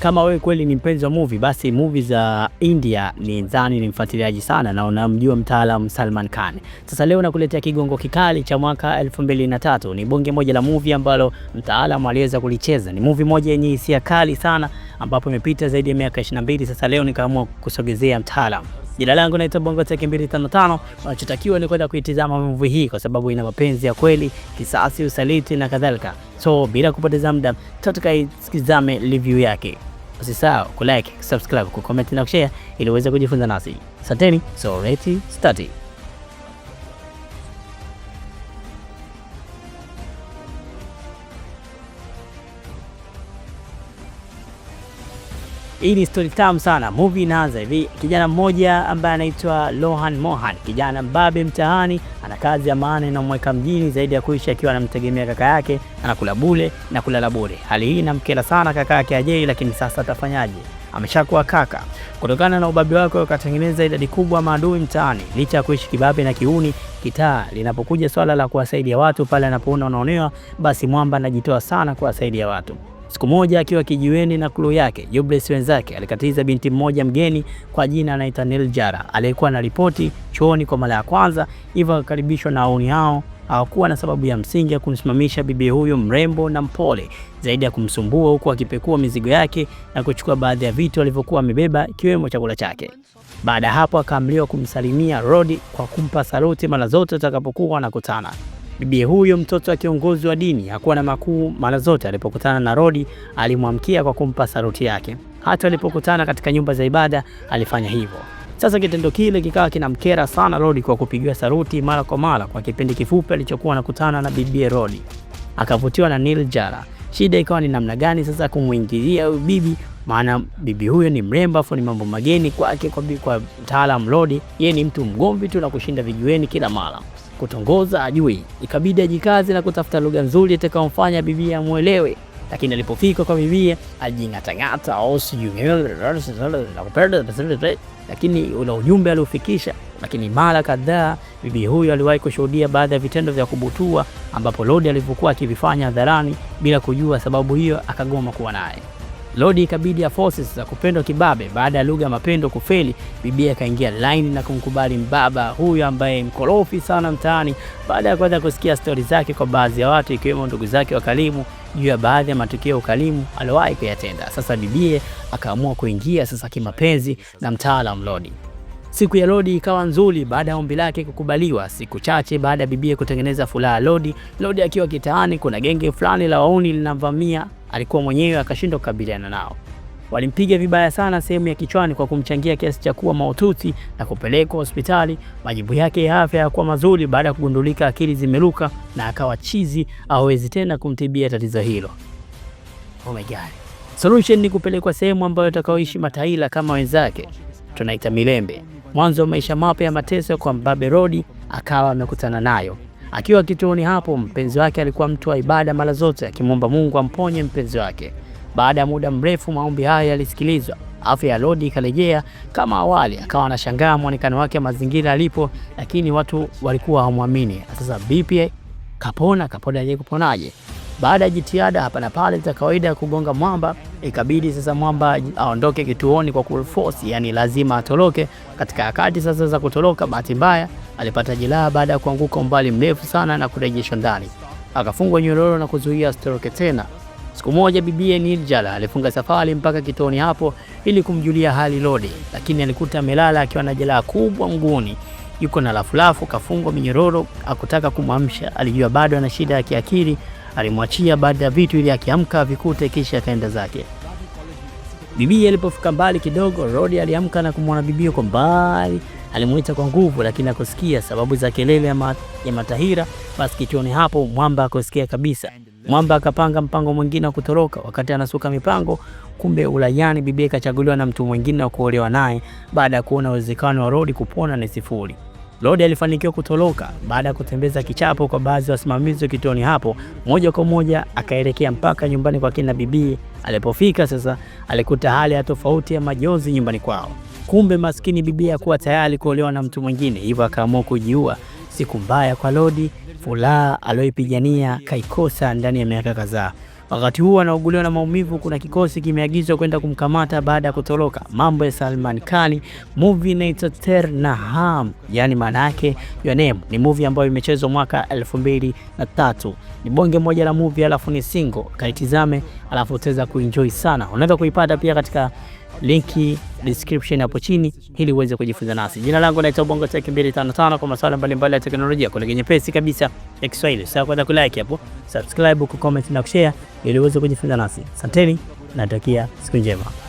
Kama wewe kweli ni mpenzi wa movie, basi movie za India ni nzani, ni mfuatiliaji sana na unamjua mtaalamu Salman Khan. Sasa leo nakuletea kigongo kikali cha mwaka 2003. Ni bonge moja la movie ambalo mtaalamu aliweza kulicheza. Ni movie moja yenye hisia kali sana ambapo imepita zaidi ya miaka 22. Sasa leo nikaamua kusogezea mtaalamu Jina langu naitwa Bongo Tech 255. Unachotakiwa ni kwenda kuitizama movie hii kwa sababu ina mapenzi ya kweli, kisasi, usaliti na kadhalika. So bila kupoteza muda, tutakaitizame review yake. Usisahau like, subscribe, comment na kushare ili uweze kujifunza nasi. Asanteni, so let's start. Hii ni story tamu sana. Movie inaanza hivi, kijana mmoja ambaye anaitwa Lohan Mohan, kijana mbabe mtaani, ana kazi ya maana inamweka mjini zaidi ya kuishi akiwa anamtegemea kaka yake, anakula bule na kulala bure. Hali hii inamkera sana kaka yake Ajei, lakini sasa atafanyaje? Ameshakuwa kaka. Kutokana na ubabe wake akatengeneza idadi kubwa maadui mtaani. Licha ya kuishi kibabe na kiuni, kitaa linapokuja swala la kuwasaidia watu pale anapoona wanaonewa, basi mwamba anajitoa sana kuwasaidia watu. Siku moja akiwa kijiweni na kulu yake, Jubles wenzake alikatiza binti mmoja mgeni kwa jina anaitwa jara aliyekuwa na ripoti chuoni kwa mara ya kwanza, hivyo akakaribishwa na auni hao. Hawakuwa na sababu ya msingi ya kumsimamisha bibi huyo mrembo na mpole zaidi ya kumsumbua, huku akipekua mizigo yake na kuchukua baadhi ya vitu alivyokuwa amebeba ikiwemo chakula chake. Baada ya hapo, akaamriwa kumsalimia Rodi kwa kumpa saluti mara zote atakapokuwa anakutana. Bibi huyo mtoto wa kiongozi wa dini hakuwa na makuu mara zote. Alipokutana na Rodi alimwamkia kwa kumpa saruti yake, hata walipokutana katika nyumba za ibada alifanya hivyo. Sasa kitendo kile kikawa kinamkera sana Rodi kwa kupigiwa saruti mara kwa mara kwa kipindi kifupi alichokuwa anakutana na bibi Rodi. Akavutiwa na Nil Jara. Shida ikawa ni namna gani sasa kumuingilia huyu bibi, maana bibi huyo ni mrembo, afu ni mambo mageni kwake kwa mtaalamu Rodi. Yeye ni mtu mgomvi tu na kushinda vijiweni kila mara kutongoza ajui, ikabidi ajikaze na kutafuta lugha nzuri itakayomfanya bibia amwelewe. Lakini alipofika kwa bibia ajingatangata au oh, lakini ule ujumbe aliofikisha. Lakini mara kadhaa bibi huyo aliwahi kushuhudia baadhi ya vitendo vya kubutua, ambapo Lodi alivyokuwa akivifanya hadharani bila kujua sababu hiyo, akagoma kuwa naye. Lodi ikabidi ya forces za kupendwa kibabe. Baada ya lugha ya mapendo kufeli, bibi akaingia line na kumkubali mbaba huyu ambaye mkorofi sana mtaani, baada ya kuanza kusikia stori zake kwa baadhi ya watu, ikiwemo ndugu zake wa Kalimu juu ya baadhi ya matukio ya ukalimu aliyowahi kuyatenda. Sasa bibie akaamua kuingia sasa kimapenzi na mtaalam Lodi. Siku ya Lodi ikawa nzuri baada ya ombi lake kukubaliwa. Siku chache baada ya bibie kutengeneza furaha Lodi, Lodi akiwa kitaani, kuna genge fulani la wauni linamvamia alikuwa mwenyewe akashindwa kukabiliana nao. Walimpiga vibaya sana sehemu ya kichwani kwa kumchangia kiasi cha kuwa mahututi na kupelekwa hospitali. Majibu yake ya afya hayakuwa mazuri baada ya kugundulika akili zimeruka na akawa chizi, hawezi tena kumtibia tatizo hilo. Oh my God. Solution ni kupelekwa sehemu ambayo atakaoishi mataila kama wenzake, tunaita Milembe. Mwanzo wa maisha mapya ya mateso kwa Mbabe Rodi akawa amekutana nayo. Akiwa kituoni hapo, mpenzi wake alikuwa mtu wa ibada mara zote, akimwomba Mungu amponye mpenzi wake. Baada ya muda mrefu, maombi haya yalisikilizwa, afya ya Lodi ikarejea kama awali. Akawa anashangaa mwonekano wake, mazingira alipo, lakini watu walikuwa hawamwamini. Sasa vipi, kapona? Kapona je, kuponaje? Baada ya jitihada hapa na pale za kawaida ya kugonga mwamba, ikabidi sasa mwamba aondoke kituoni kwa kuforce, yani lazima atoroke. Katika harakati sasa za kutoroka, bahati mbaya Alipata jeraha baada ya kuanguka umbali mrefu sana na kurejeshwa ndani, akafungwa nyororo na kuzuia stroke tena. Siku moja bibie Nirjala alifunga safari mpaka kituoni hapo ili kumjulia hali Lodi, lakini alikuta amelala akiwa na jeraha kubwa mguuni, yuko na lafulafu, kafungwa minyororo. Akutaka kumwamsha, alijua bado ana shida ya kiakili. Alimwachia baada ya vitu ili akiamka vikute, kisha akaenda zake. Bibii alipofika mbali kidogo, Rodi aliamka na kumwona bibio kwa mbali. Alimuita kwa nguvu, lakini akusikia sababu za kelele ya, ma, ya Matahira. Basi kichoni hapo mwamba akusikia kabisa. Mwamba akapanga mpango mwingine wa kutoroka. Wakati anasuka mipango, kumbe ulayani bibi akachaguliwa na mtu mwingine wa kuolewa naye, baada ya kuona uwezekano wa Rodi kupona ni sifuri. Lodi alifanikiwa kutoroka baada ya kutembeza kichapo kwa baadhi ya wasimamizi wa kituoni hapo. Moja kwa moja akaelekea mpaka nyumbani kwa kina bibi. Alipofika sasa, alikuta hali ya tofauti ya majonzi nyumbani kwao. Kumbe maskini bibi hakuwa tayari kuolewa na mtu mwingine, hivyo akaamua kujiua. Siku mbaya kwa Lodi, furaha aliyoipigania kaikosa ndani ya miaka kadhaa. Wakati huu anauguliwa na maumivu, kuna kikosi kimeagizwa kwenda kumkamata baada ya kutoroka. Mambo ya Salman Khan movie inaitwa Naham, yani maana yake your name. Ni movie ambayo imechezwa mwaka 2003. Ni bonge moja la movie, alafu ni single. Kaitizame alafu utaweza kuenjoy sana. Unaweza kuipata pia katika linki description hapo chini ili uweze kujifunza nasi. Jina langu naitwa Bongo Tech 255 kwa masuala mbalimbali ya teknolojia kwa lugha nyepesi kabisa ya Kiswahili. Sasa kwanza like hapo, subscribe, comment na kushare ili uweze kujifunza nasi. Asanteni, natakia siku njema.